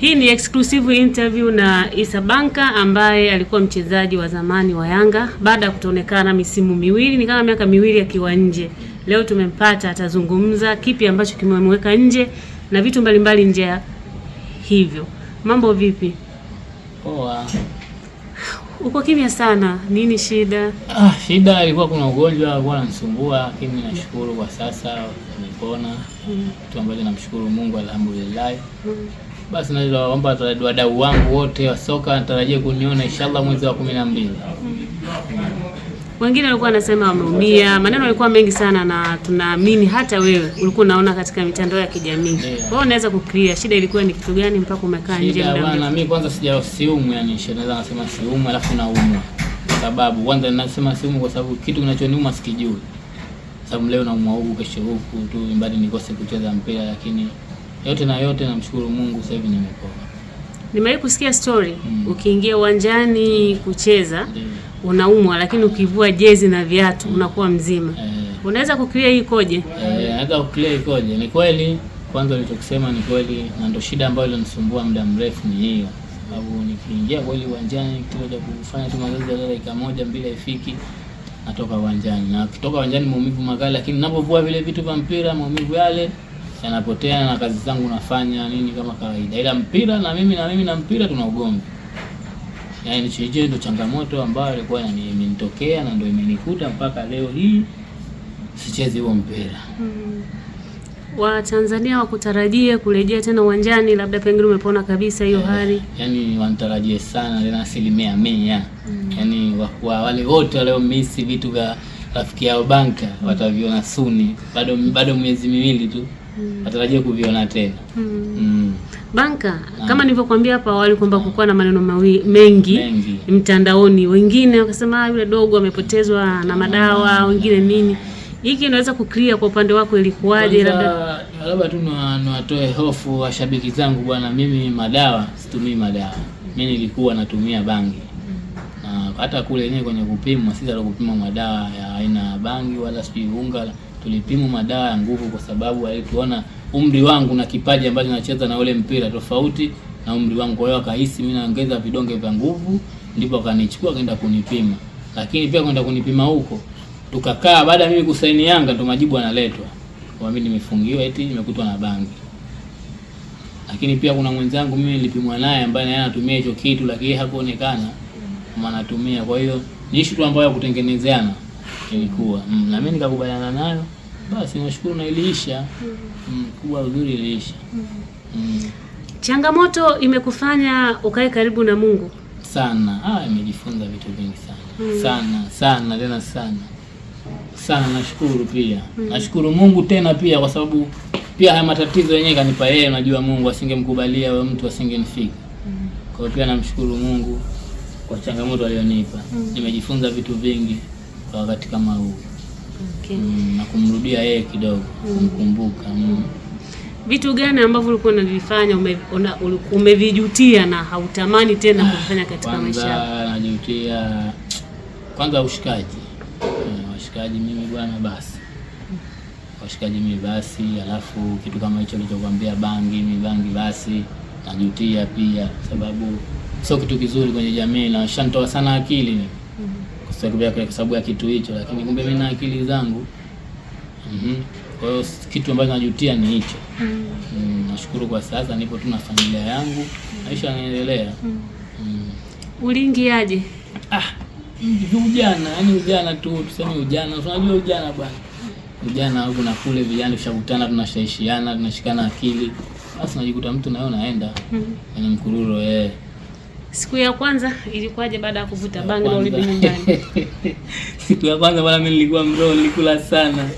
Hii ni exclusive interview na Issa Banka ambaye alikuwa mchezaji wa zamani wa Yanga baada ya kutoonekana misimu miwili, ni kama miaka miwili akiwa nje. Leo tumempata, atazungumza kipi ambacho kimemweka nje na vitu mbalimbali nje ya hivyo. Mambo vipi? Poa. Uko kimya sana, nini shida? Ah, shida ilikuwa kuna ugonjwa alikuwa anamsumbua, lakini nashukuru kwa sasa amepona. Mm. Kitu ambacho namshukuru Mungu, alhamdulillah. Mm. Basi naomba wadau wangu wote wa soka natarajia kuniona inshallah mwezi wa kumi na mbili. Wengine walikuwa wanasema wameumia, maneno yalikuwa mengi sana, na tunaamini hata wewe ulikuwa unaona katika mitandao ya kijamii yeah. Wewe unaweza kuclear shida ilikuwa ni kitu gani mpaka umekaa nje muda mrefu? Mimi kwanza sija siumu, yani naweza nasema siumu, alafu naumwa kwa sababu kwanza ninasema siumu kwa sababu kitu kinachoniuma sikijui, sababu leo naumwa huku, kesho huku tu, mbali nikose kucheza mpira lakini yote na yote namshukuru Mungu, sasa hivi nimepona. Nimewahi kusikia story mm. Ukiingia uwanjani kucheza mm. unaumwa, lakini ukivua jezi na viatu mm. unakuwa mzima eh. Unaweza kukilia hii koje? Eh, naweza kukilia hii koje. Ni kweli kwanza ulichokisema ni kweli, na ndo shida ambayo ilonisumbua muda mrefu ni hiyo, sababu nikiingia kweli uwanjani kitu kufanya tu mazoezi ya dakika moja mbili haifiki natoka uwanjani, na kitoka uwanjani maumivu makali, lakini ninapovua vile vitu vya mpira maumivu yale yanapotea na kazi zangu nafanya nini kama kawaida, ila mpira na mimi na mimi na mpira tuna ugomvi. Yaani hiyo ndio changamoto ambayo ilikuwa imenitokea na ndio imenikuta mpaka leo hii sichezi huo mpira. Mm. Watanzania wakutarajie kurejea tena uwanjani, labda pengine umepona kabisa hiyo eh, hali eh? Yani wanitarajie sana tena asilimia mia. Hmm. Yani wa wale wote waliomisi vitu vya rafiki yao Banka hmm. wataviona suni, bado bado miezi miwili tu mm. atarajia kuviona tena mm. Mm. Banka na, kama nilivyokuambia hapo awali kwamba kukuwa na maneno mawi, mengi, mengi mtandaoni, wengine wakasema ah, yule dogo amepotezwa na hmm. madawa, wengine nini hiki inaweza kuclear kwa upande wako, ilikuwaje? Labda labda tu niwatoe hofu washabiki zangu, bwana, mimi madawa situmii madawa mm. mimi nilikuwa natumia bangi hmm. na hata kule yenyewe kwenye kupimwa, sisi alikupima madawa ya aina ya bangi wala sijui unga tulipimu madawa ya nguvu, kwa sababu alituona umri wangu na kipaji ambacho nacheza na ule mpira tofauti na umri wangu. Kwa hiyo akahisi mimi naongeza vidonge vya nguvu, ndipo akanichukua akaenda kunipima. Lakini pia kwenda kunipima huko, tukakaa baada ya mimi kusaini Yanga, ndo majibu analetwa kwa mimi nimefungiwa, eti nimekutwa na bangi. Lakini pia kuna mwenzangu mimi nilipimwa naye, ambaye naye anatumia hicho kitu, lakini hakuonekana kama anatumia. Kwa hiyo ni issue tu ambayo ya kutengenezeana ilikuwa mm. na mimi nikakubaliana nayo, basi nashukuru na iliisha mm. kubwa uzuri iliisha mm. Mm. Changamoto imekufanya ukae karibu na Mungu sana. Ah, imejifunza vitu vingi sana mm. sana sana tena sana sana, nashukuru pia mm. nashukuru Mungu tena pia kwa sababu pia haya matatizo yenyewe kanipa yeye, najua Mungu asingemkubalia wewe mtu asingenifika mm. kwa hiyo pia namshukuru Mungu kwa changamoto aliyonipa mm. nimejifunza vitu vingi kwa wakati kama huu okay. Mm, na kumrudia yeye kidogo mm. kumkumbuka mm. Vitu gani ambavyo ulikuwa unavifanya umevijutia ume na hautamani tena kufanya katika kwanza, maisha yako? Najutia kwanza ushikaji mm, washikaji, mimi bwana, basi washikaji mimi basi, alafu kitu kama hicho nilichokuambia, bangi mimi bangi, basi najutia pia, sababu sio kitu kizuri kwenye jamii na shantoa sana akili mimi kwa sababu ya kitu hicho, lakini kumbe mimi na akili zangu mm -hmm. Kwa hiyo kitu ambacho najutia ni hicho mm. Mm, nashukuru kwa sasa nipo tu na familia yangu mm. Maisha yanaendelea mm. mm. Uliingiaje? Ah, ujana yani ujana tu tuseme ujana, unajua ujana bwana, ujana huko na kule, vijana tushakutana, tunashaishiana, tunashikana akili, basi najikuta mtu nayo naenda mm. na yaani mkururo eh Siku ya kwanza ilikuwaje baada ya kuvuta bangi na urudi nyumbani? Siku ya kwanza bwana, mimi nilikuwa mroho, nilikula sana